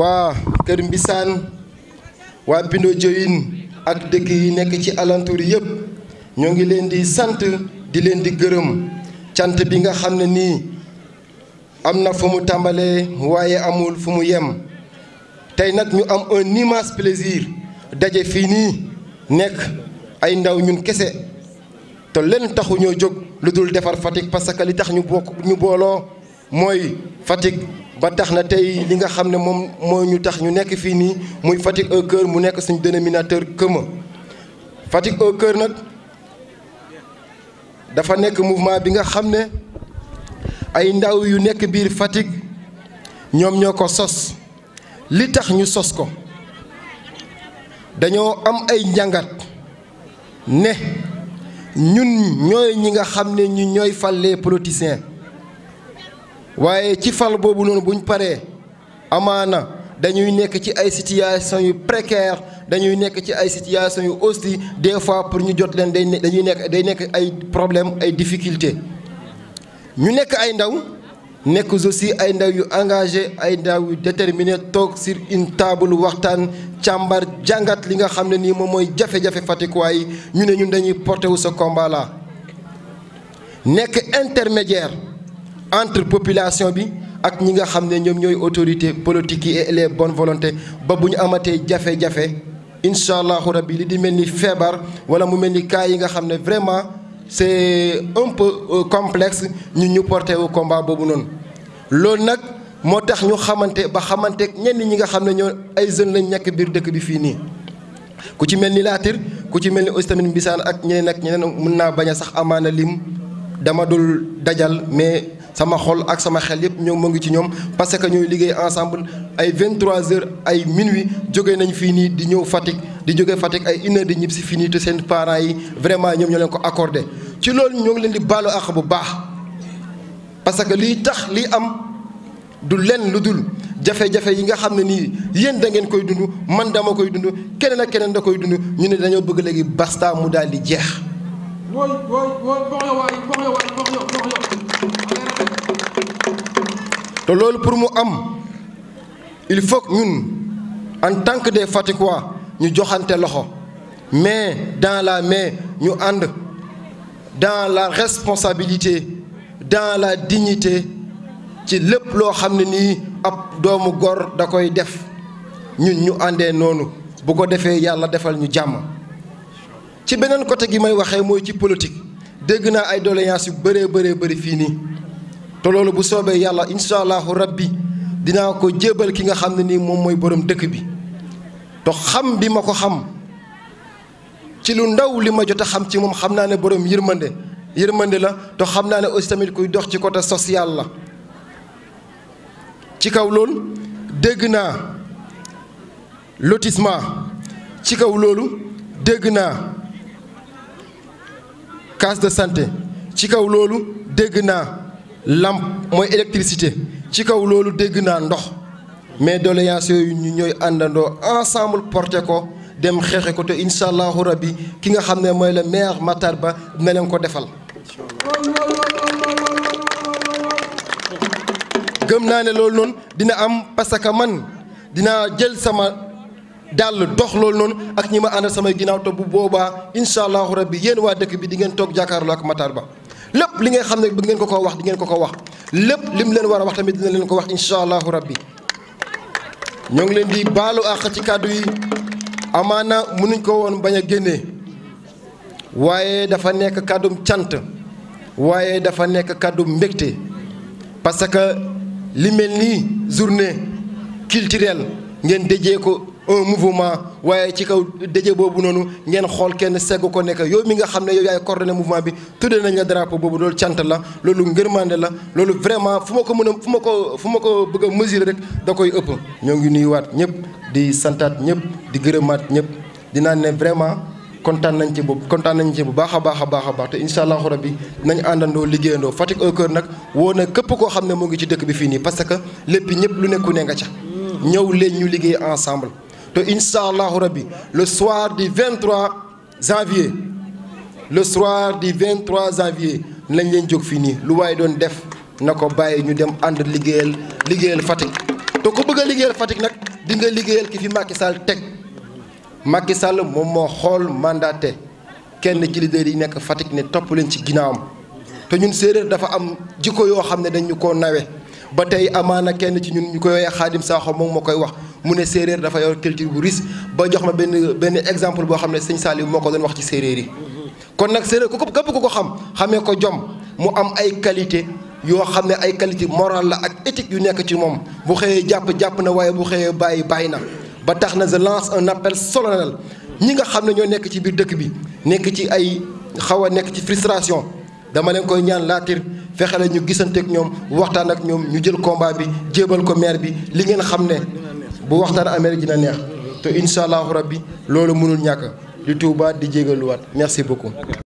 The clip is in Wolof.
waa Kër Mbisaan waa Pindo Joyin ak dëkk yi nekk ci alentour yëpp ñoo ngi leen di sant di leen di gërëm cant bi nga xam ne nii am na fu mu tàmbalee waaye amul fu mu yem tey nag ñu am un immense plaisir daje fii nii nekk ay ndaw ñun kese te leen taxu ñoo jóg lu dul defar Fatick parce que li tax ñu bokk ñu booloo mooy Fatick ba tax na tey li nga xam ne moom moo ñu tax ñu nekk fii nii muy Fatick au cœur mu nekk suñu dénominateur commun Fatick au cœur nag dafa nekk mouvement bi nga xam ne ay ndaw yu nekk biir Fatick ñoom ñoo ko sos li tax ñu sos ko dañoo am ay njàngat ne ñun ñooy ñi nga xam ne ñu ñooy fàllee politiciens waaye ci fal boobu noonu buñ paree amaana dañuy nekk ci ay situation yu précaire dañuy nekk ci ay situation yu aussi des fois pour ñu jot leen day dañuy nekk day nekk ay problème ay difficulté ñu nekk ay ndaw nekk aussi ay ndaw yu engagé ay ndaw yu déterminé toog sur une table waxtaan càmbar jàngat li nga xam ne nii moom mooy jafe-jafe Fatickwaay ñu ne ñun dañuy porté wu sa combat nekk intermédiaire entre population bi ak ñi nga xam ne ñoom ñooy autorité politique yi et les bonnes volontés ba bu ñu amatee jafe-jafe incha allahu bi li di mel ni feebar wala mu mel ni cas yi nga xam ne vraiment c'est un peu euh, complexe ñu ñu porté au combat boobu noonu loolu nag moo tax ñu xamante ba xamante ñenn ñi nga xam ne ñoo ay jeunes lañ nekk biir dëkk bi fii nii ku ci mel ni laatir ku ci mel ni aussi tamit mbisaan ak ñeneen ak ñeneen mun naa bañ a sax amaana lim dama dajal mais sama xol ak sama xel yëpp ñoom mu ngi ci ñoom parce que ñooy liggéey ensemble ay 23 heures ay minuit jóge nañu fii nii di ñëw Fatick di jóge Fatick ay une di ñib si fii nii te seen parents yi vraiment ñoom ñoo leen ko accordé. ci loolu ñoo ngi leen di baalu àq bu baax parce que liy tax liy am du lenn lu dul jafe-jafe yi nga xam ne nii yéen da ngeen koy dund man dama koy dund keneen ak keneen da koy dund ñu ne dañoo bëgg léegi basta mu daal di jeex. loolu pour mu am il faut que ñun en tant que des Fatickois ñu joxante loxo mais dans la main ñu ànd dans la responsabilité dans la dignité ci lépp loo xam ne nii ab doomu góor da koy def ñun ñu àndee noonu bu ko defee yàlla defal ñu jàmm ci beneen côté gi may waxee mooy ci politique dégg naa ay doléances yu bëree bëree bari fii nii te loolu bu soobee yàlla incha rab bi dinaa ko jébal ki nga xam ne nii moom mooy borom dëkk bi te xam bi ma ko xam ci lu ndaw li ma jot a xam ci moom xam naa ne borom yërmande yërmande la te xam naa ne aussi tamit kuy dox ci côté social la ci kaw loolu dégg naa lotissement ci kaw loolu dégg naa case de santé ci kaw loolu dégg naa. lampe mooy électricité ci kaw loolu dégg naa ndox mais doléance yu ñu ñooy àndandoo ensemble porté ko dem xeexe ko te incha allahu rabbi ki nga xam ne mooy le maire Matar Ba dina leen ko defal. gëm naa ne loolu noonu dina am parce que man dina jël sama. dàll dox lool noonu ak ñi ma àndal samay ginnaaw te bu boobaa incha allahu rabbi yéen waa dëkk bi dingeen ngeen toog jàkkaarloo ak Matar Ba lépp li ngeen xam ne bëgg ngeen ko ko wax di ngeen ko ko wax lépp lim leen war a wax tamit dina leen ko wax incha allahu rabbi ñoo ngi leen di baalu àq ci kàddu yi amaana mënuñ ko woon bañ a génnee waaye dafa nekk kàddum cant waaye dafa nekk kàddum mbégte parce que li mel nii journée culturelle ngeen déjee ko un mouvement waaye ci kaw daje boobu noonu ngeen xool kenn segg ko nekk yow mi nga xam ne yow yaay coordonné mouvement bi tuddee nañ la drapeau boobu loolu cant la loolu ngërmande la loolu vraiment fu ma ko mën a fu ma ko fu ma ko bëgg a mesurer rek da koy ëpp. ñoo ngi waat ñëpp di santaat ñëpp di gërëmaat ñëpp dinaa ne vraiment kontaan nañ ci boobu kontaan nañ ci bu baax a baax a baax a baax te incha allahu rabi nañ àndandoo liggéeyandoo Fatick au nag woo na képp koo xam ne mu ngi ci dëkk bi fii nii parce que lépp ñëpp lu nekku ne nga ca ñëw leen ñu liggéey ensemble. te incha allahu rabbi le soir du 23 janvier le soir du 23 janvier nañ leen jóg fii nii lu waaye doon def na ko bàyyi ñu dem ànd liggéeyal liggéeyal Fatick te ko bëgg a liggéeyal Fatick nag dinga liggéeyal ki fi Macky Sall teg Macky Sall moom moo xool mandaté kenn ci leader yi nekk Fatick ne topp leen ci ginnaawam te ñun séeréer dafa am jikko yoo xam ne dañu ko nawe ba tey amaana kenn ci ñun ñu koy xaadim saaxo moom moo koy wax mu ne séeréer dafa yor culture bu riche ba jox ma benn benn exemple boo xam ne sëñ Saliou moo ko doon wax ci séeréer yi kon nag séeréer ku ko képp ku ko xam xamee ko jom mu am ay qualité yoo xam ne ay qualité morale la ak éthique yu nekk ci moom bu xëyee jàpp jàpp na waaye bu xëyee bàyyi bàyyi na ba tax na je lance un appel solennel ñi nga xam ne ñoo nekk ci biir dëkk bi nekk ci ay xaw a nekk ci frustration dama leen koy ñaan laatir fexee la ñu gisante ak ñoom waxtaan ak ñoom ñu jël combat bi jébal ko maire bi li ngeen xam ne bu waxtaan amee dina neex te incha allahu rabbi loolu mënul ñàkk di tuubaat di jégaluwaat merci beaucoup.